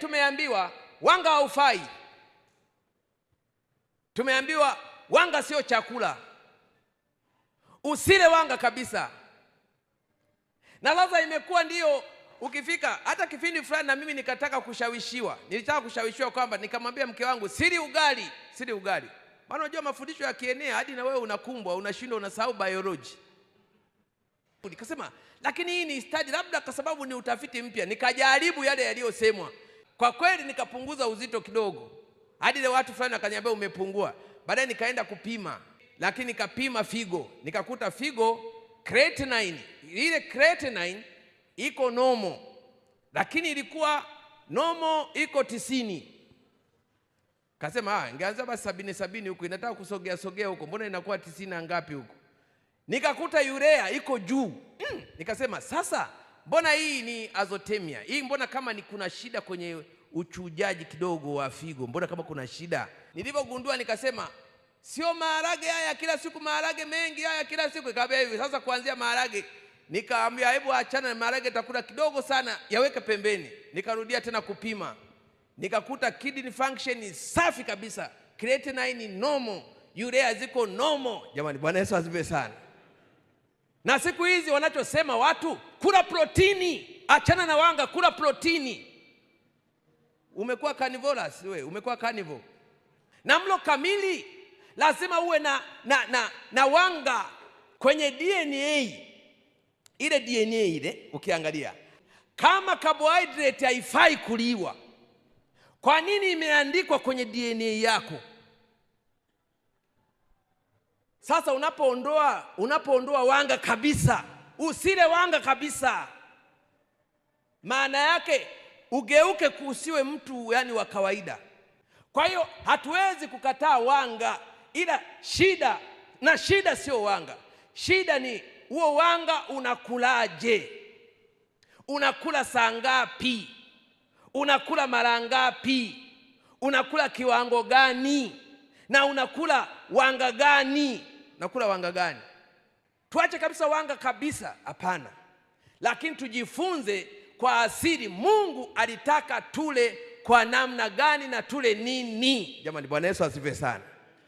tumeambiwa wanga haufai, tumeambiwa wanga sio chakula, usile wanga kabisa, na ladha imekuwa ndiyo ukifika hata kipindi fulani, na mimi nikataka kushawishiwa, nilitaka kushawishiwa kwamba nikamwambia mke wangu sili ugali, sili ugali, maana unajua mafundisho ya kienea hadi na wewe unakumbwa, unashindwa, unasahau biology. Nikasema lakini hii ni study, labda kwa sababu ni utafiti mpya. Nikajaribu yale yaliyosemwa kwa kweli nikapunguza uzito kidogo, hadi ile watu fulani wakaniambia umepungua. Baadaye nikaenda kupima, lakini nikapima figo, nikakuta figo creatinine, ile creatinine iko nomo, lakini ilikuwa nomo iko tisini. Kasema ah, ingeanza basi sabini sabini huko, inataka kusogea sogea huko, mbona inakuwa tisini na ngapi huko? Nikakuta urea iko juu mm. Nikasema sasa mbona hii ni azotemia hii, mbona kama ni kuna shida kwenye uchujaji kidogo wa figo, mbona kama kuna shida. Nilivyogundua nikasema sio maharage haya kila siku, maharage mengi haya kila siku. Ikaambia hivi sasa, kuanzia maharage nikaambia hebu achana na maharage, takula kidogo sana, yaweke pembeni. Nikarudia tena kupima, nikakuta kidney function ni safi kabisa, creatinine ni nomo, urea ziko normal Jamani, Bwana Yesu asifiwe sana. Na siku hizi wanachosema watu, kula protini, achana na wanga, kula protini. Umekuwa carnivorous wewe, umekuwa carnivore. Na mlo kamili lazima uwe na, na, na, na wanga kwenye DNA ile DNA ile ukiangalia kama carbohydrate haifai kuliwa, kwa nini imeandikwa kwenye DNA yako? Sasa unapoondoa unapoondoa wanga kabisa, usile wanga kabisa, maana yake ugeuke kuusiwe mtu yani wa kawaida. Kwa hiyo hatuwezi kukataa wanga, ila shida na shida sio wanga, shida ni huo wanga unakulaje? Unakula saa ngapi? Unakula mara ngapi? Unakula kiwango gani? Na unakula wanga gani? nakula wanga gani? Tuache kabisa wanga kabisa? Hapana, lakini tujifunze kwa asili Mungu alitaka tule kwa namna gani na tule nini. Jamani, Bwana Yesu asifiwe sana.